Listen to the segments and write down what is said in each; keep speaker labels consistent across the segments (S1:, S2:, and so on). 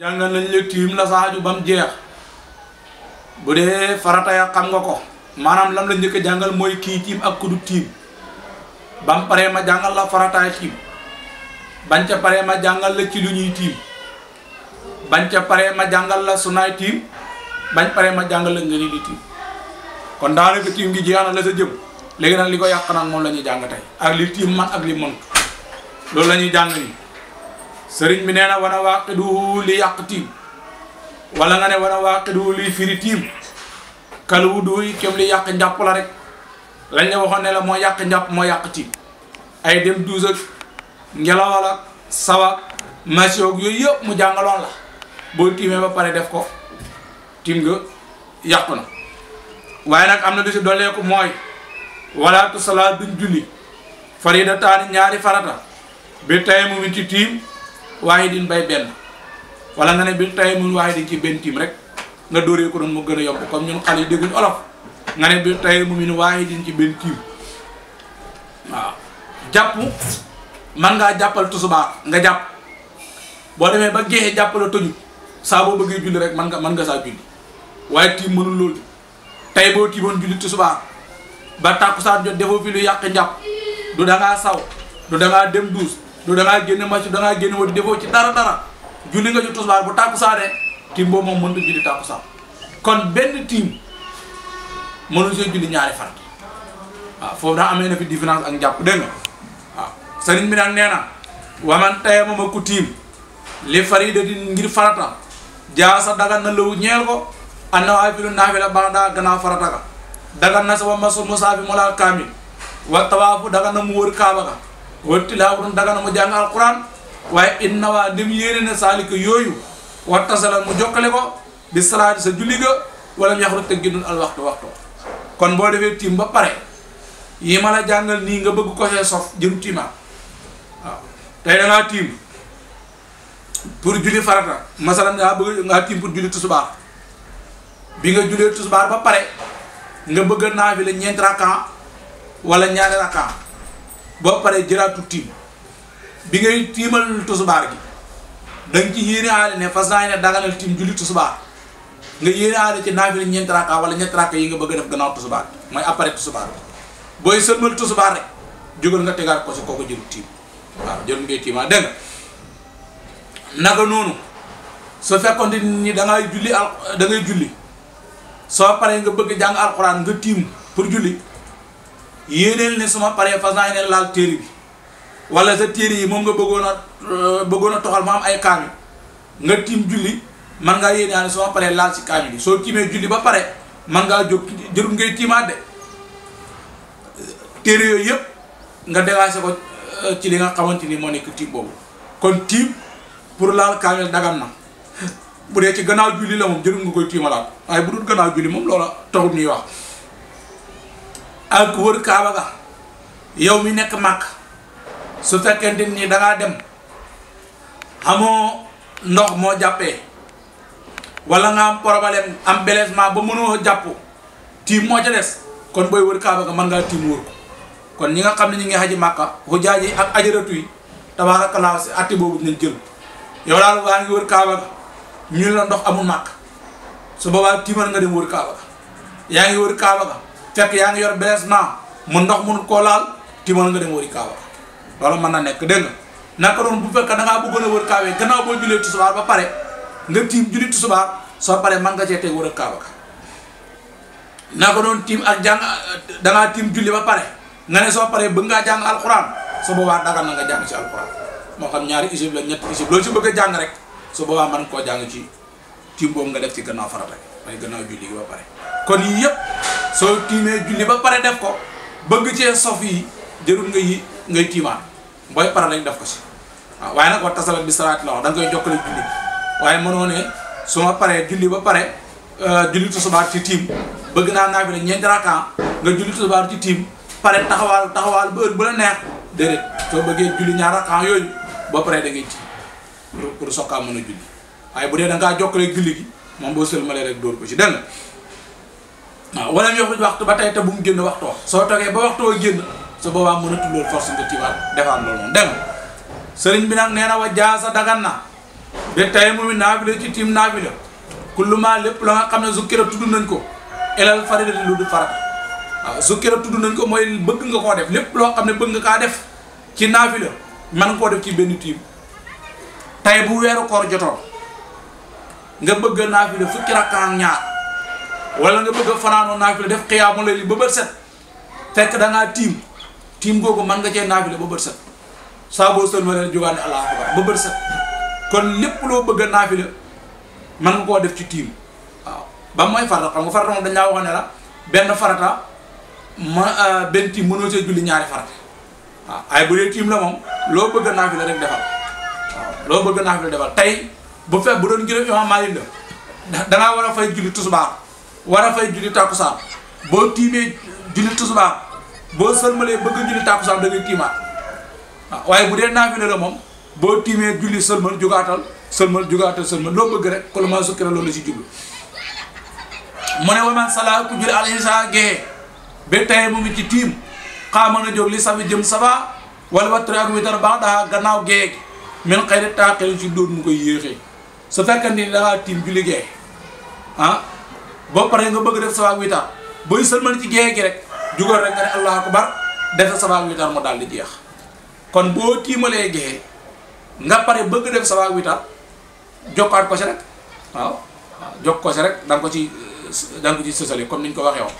S1: jàngal nañ la tiim la saaju ba mu jeex bu dee farata xam nga ko maanaam lam la njëkk a jàngal mooy kii tiim ak kudu tiim bam pare ma jàngal la farataay tiim bañ ca paree ma jàngal la ci lu ñuy tiim bañ ca paree ma jàngal la sunaay tiim bañ pare ma jàngal la nga ni di tiim kon daanaka tiim gi jeex na la sa jëm léegi nag li ko yàq nag moom la ñuy jàng tey ak li tiim man ak li mënut loolu lañuy ñuy jàng nii. sëriñ bi nee na wana waaqiduhu li yàq tiim wala nga ne a wana waaqiduhu li firi tiim kal wudu kem li yàq njàpp la rek lañ la waxoon ne la moo yàq njàpp moo yàq tiim ay dem duus ak ngelawal ak sawa masioog yooyu yëpp mu jàngaloon la boo tiimee ba pare def ko tiim nga yàqu na waaye nag am na du si dooleeku mooy walaatu salaa duñ julli farida taani ñaari farata bi tey mu ci tiim wahidin bay ben wala nga ne bi tay mun wahidin ci ben tim rek nga doré ko non mo gëna yomb comme ñun xali deggu olof nga ne bi tay mu min wahidin ci ben tim wa japp man nga jappal tusuba nga japp bo demé ba jéxé jappal toñu sa bo bëggé julli rek man nga man nga sa julli waye tim mënu lool tay bo tusuba ba takusaan jot defo fi lu yaq japp du da nga saw du da nga dem douce du da ngaa génne match da ngaa génne woo dara dara julli nga ci tusbaar bu tàkkusaanee team boobu moom mënut a julli sa kon benn team mënul see julli ñaari fan waaw foofu daa amee na fi différence ak njàpp dégg farata jaasa dagan na lawu ñeel ko ànd wa masu musaafi mu laal kaamil wa tawaafu dagan na mu wër kaaba ga watti laa wutum dagana mu jàng alquran waaye inna waa ndim yéene ne saalika yooyu wattasala mu jokkale ko bi salaati sa julli ga wala mu yaxru te ginnul al waxtu waxtu kon boo defee tiim ba pare yi ma la jàngal nii nga bëgg ko see sof jëm tiimaat waaw tey dangaa tiim pour julli farata masalan ngaa bëgg ngaa tiim pour julli tisbaar bi nga jullee tisbaar ba pare nga bëgg a naafila ñeenti rakka wala ñaari rakka paré pare jëraatu tim bi ngay to subar gi dang ci yéne ala ne fas na daganal tim julit julli subar nga yéne ala ci nafil ñent raka wala ñetti raka yi nga bëgg a subar moy apparé mooy subar boy booy sëlmal subar rek jógal nga tégal ko si kooku jëru tiim waaw jëru ngay tiimaa dégg naka noonu su fekkonte ni da ngay julli da ngay julli so paré nga bëgg jang alcorane nga tim pour julli yeneel ne suma paree fas naa ne laal téere bi wala sa téere yi moom nga bëggoon a euh, bëggoon a toxal mu am ay kaami nga tiim julli man ngaa yéene ne suma paree laal si kaami bi soo tiimee julli ba pare man ngaa jóg jërul ngay tiimaat de téere yooyu yëpp nga dégagé ko euh, ci li nga xamante ni moo nekk tiim boobu kon tiim pour laal kaamil dagam na bu dee ci gannaaw julli la moom jërul nga koy tiimalaat waaye bu dut gannaaw julli moom loola taxut ñuy wax ak wër kaaba ga yow mi nekk màkk su fekkente ni da ngaa dem amoo ndox moo jàppee wala nga am problème am beleesement ba mënoo jàpp tiim moo ca des kon booy wër kaaba ga man ngaa tiim wër kon ñi nga xam ne ñi ngi haji màkka jaaji ak ajaratu yi tabaarakalaa si atti boobu nañ jël yow daal waa ngi wër kaaba ga ñu la ndox amul màkk su boobaa tiimal nga dem wër kaaba ga yaa ngi kaaba ga fekk ya nga yor berasement mu ndox mu ko laal mo nga dem wëri kaawa loolu mën na nek deug nga naka don bu fekkee da ngaa bëggoon a wër kaawa gannaaw boo julee tusubaar ba pare nga tiim ci tusubaar so paré man nga jété teg kawa kaawa ka naka noonu tiim ak jang da nga tim julli ba pare nga ne so paré bu nga jang alcorane su bo wa daga nga jang ci alcorane mo xam kan ñaari isib la ñet isib lo ci bëgg jang rek su bo man ko jang ci tim bo nga def ci fara rek may gënaaw julli ba paré kon yii soo tiimee julli ba pare def ko bëgg cee sof yi jërul nga yi ngay tiimaan booy pare lañ def ko si waaw waaye nag wa tasala bi salaat la wax da nga koy jokkale julli waaye mënoo ne su ma paree julli ba pare euh, julli tusubaar ci tiim bëgg naa naa ne la ñeenti rakka nga julli tusubaar ci tiim pare taxawaal taxawaal ba heure bu la neex déedéet soo bëggee julli ñaar rakka yooyu ba pare da ngay tiim pour pour soqaa mën a julli waaye bu dee da ngaa jokkale julli gi moom boo sëlmalee rek dóor ko si dégg waaw wala ñu waxtu ba tey te bu mu génn waxtu wax soo toogee ba waxtu woo génn su boobaa mën a tullool force nga ci war defaan loolu moom dem sëriñ bi nag nee na wa jaasa dagan na ba tey mu mi naafila ci tiim naafila kulluma lépp la xam ne zukkira tudd nañ ko elal faridati lu du farata waaw nañ ko mooy bëgg nga koo def lépp loo xam ne bëgg nga kaa def ci naafila man koo def ci benn tiim tey bu weeru koor jotoon nga bëgg naafila fukki rakka ak ñaar wala nga bëgg fanaano naafile def qiyamu lay li ba bët set fekk da nga tim tim gogo man nga cee naafile ba bët set saa boo sën wala jogane allah akbar ba bët set kon lepp lo bëgg naafile man nga ko def ci tim ba moy farata xam nga farata moom dañ la waxoon la ben farata ma euh, ben tim mëno ci julli ñaari farata ay bu le tim la mom lo bëgg naafile rek defal lo bëgg naafile defal tay bu fe bu doon juróom imam malik da nga wara fay julli tusbaar war a fay julli tàkkusaan boo tiimee julli tisbaar boo sëlmalee bëgg a julli tàkkusaan da ngay waaye bu dee naafila la moom boo tiimee julli sëlmal jugaatal sëlmal jugaatal sëlmal loo bëgg rek kolu ma sukkira loolu la si jublu mu ne waman sala ku julli alisa gee ba tey mu ci tiim xaama na jóg li safi jëm safa wala wattre ak witar baax daa gannaaw gee gi men xëy de taaxel ci dóor mu koy yéexee su fekkee ni dangaa tiim bo paré nga bëgg def sawa witar boy seulement ci géej gi rek jugal rek ngay allah akbar def sawa witar mo dal di jeex kon bo timalé géej nga paré bëgg def sawa witar jokkat ko ci rek waaw jok ko ci rek dang ko ci euh, dang ko ci seusalé comme niñ ko waxé waaw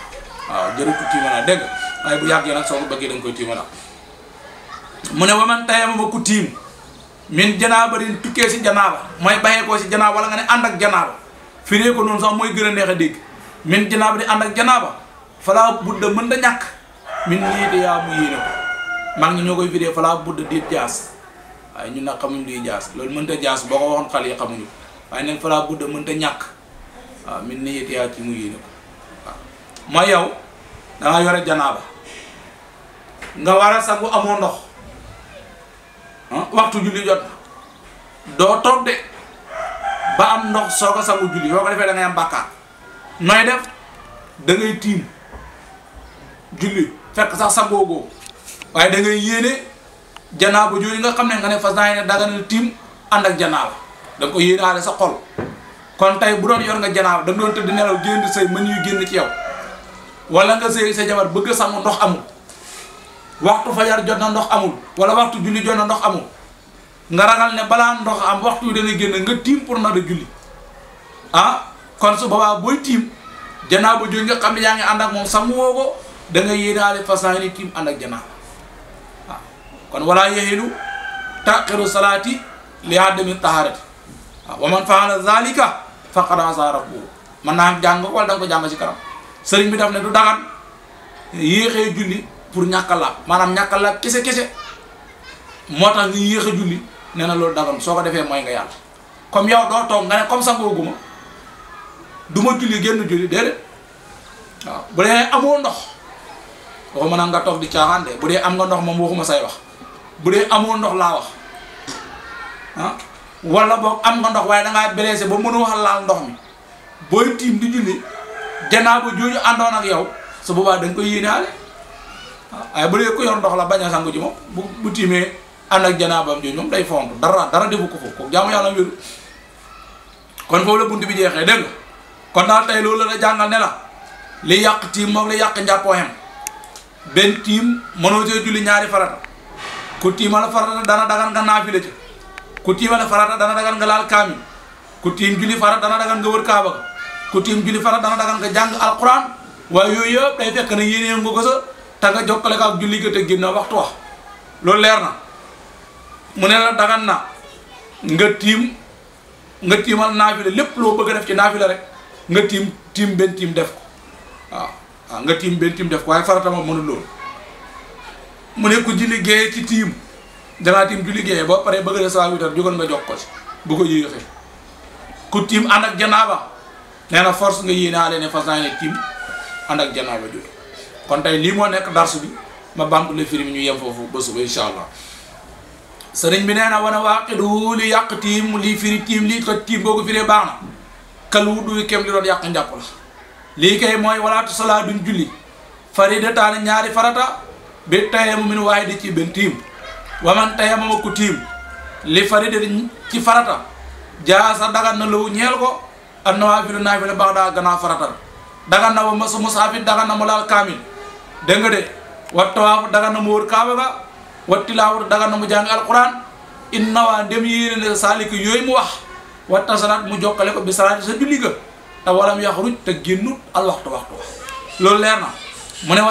S1: jëru ko mëna dégg ay bu yàggee nag soo ko bëggee da koy tiimala mune wa man tayam ba ku min janaaba rin ci si janaaba mooy bayee koo si janaaba wala nga ne ànd ak janaaba firee ko noonu sax mooy gën a neex a dégg min janaaba di ànd ak janaaba falaa budda mën da ñàkk min lii de yaa mu yéene ko mag ñi ñoo koy firee falaa budda déet jaas waaye ñun nag xamuñ luy jaas loolu mënta jaas boo ko waxoon xal yi xamuñu waaye nag falaa budda mënta ñàkk waaw min nii yaa ci mu yéene ko waaw mooy yow dangaa yore janaaba nga war a sangu amoo ndox waxtu julli jot doo toog de ba am ndox soga mu julli boko defé da ngay am bàkkaar noy def da ngay tim julli fekk sax sa googu waye da ngay yene janabu julli nga xamne nga ne fa zayne da nga tim and ak janab da ko yéenaale sa xol kon tay bu doon yor nga janab da doon tëdd nelaw génn sey man yu génn ci yow wala nga sey sa jabar bëgg sangu ndox amul waxtu fajar jot na ndox amul wala waxtu julli jot na ndox amul nga ragal ne bala ndox am waxtu dana genn nga tim pour na a julli ah kon su boy tim jana bu jooju nga xam ne yaa ngi ànd ak moom sàmmoo ko da nga yéenaale fasani tim tiim ak ah, kon wala yexilu taqiru salati li adami taharati ah, wa man faala zalika faqad asa rabbuhu man na jang ko dang da ko jang ci karam serigne bi daf ne du dagan yéexee julli pour ñakala manam ñakala kesse kesse motax kese kese ñu julli nena lo loolu dagan soo ko defee mooy nga yalla comme yow do tok nga ne comme sangooguma guma duma julli genn julli dede waaw bu dee amo ndox waxuma man nga tok di tiaxande de bu de am nga ndox mom waxuma say wax bu de amo ndox la wax ah wala bok am nga ndox da nga blessé ba mënu wax laal ndox mi booy tim di julli bu jooju andon ak yow su boba dang koy yinaale ay ah, bu dee ko yor ndox la baña a ji bu timé anak ak janaabam jooju day fond dara dara defu ko foofu jamu yalla yàlla kon fo la buntu bi jexé dégg kon daal tay loolu la jangal ne la li yaq tim mo la yaq hem ben tim julli ñaari farata ku farata dana dagan nga naafile ci ku farata dana dagan nga lal kaamil ku tim julli farata dana dagan nga wër kaaba ku tim julli farata dana dagan nga jang alquran waaye yooyu yeb day fekk na yene nga ko sa te nga jokkale ko ak julli te waxtu wax leer na mu ne la dagan na nga tiim nga tiimal naafila lépp loo bëgg a def ci naafila rek nga tiim tiim benn tiim def ko waaw waaw nga tiim benn tiim def ko waaye farata moom mënul loolu mu ne ku ji géeye ci tiim dangaa tiim julli géeye ba pare bëgg a saa witar jógal nga jox ko si bu ko yéexee ku tiim ànd ak janaaba nee na force nga yéenaale ne fas naa ne tiim ànd ak janaaba jot kon tey lii moo nekk darsu bi ma bamtu le firi ñu yem foofu ba suba sëriñ bi nee na wana waaqidu li yàq tiim lii firi tiim lii toj tiim boo ko firee baax na kalu du kem li doon yàq njàpp la lii kay mooy walaatu salaa duñ julli faridataani ñaari farata bi tayamu min waaye di ci benn tiim waman tayamama ku tiim li farida ci farata jaa sa lawu ñeel ko an nawaafilu naafila baax daa gannaaw farata dagan na wa masu musaafit dagan na mu laal kaamil dégg de wa tawaaf dagan na mu wër kaaba ga wattilaawatu dagan na mu jàng alquran inna waa ndem yéene ne saalika yooyu mu wax watta salaat mu jokkale ko bi salaati sa julli ga te walam yaxruj te génnut al waxtu waxtu loolu leer na mu ne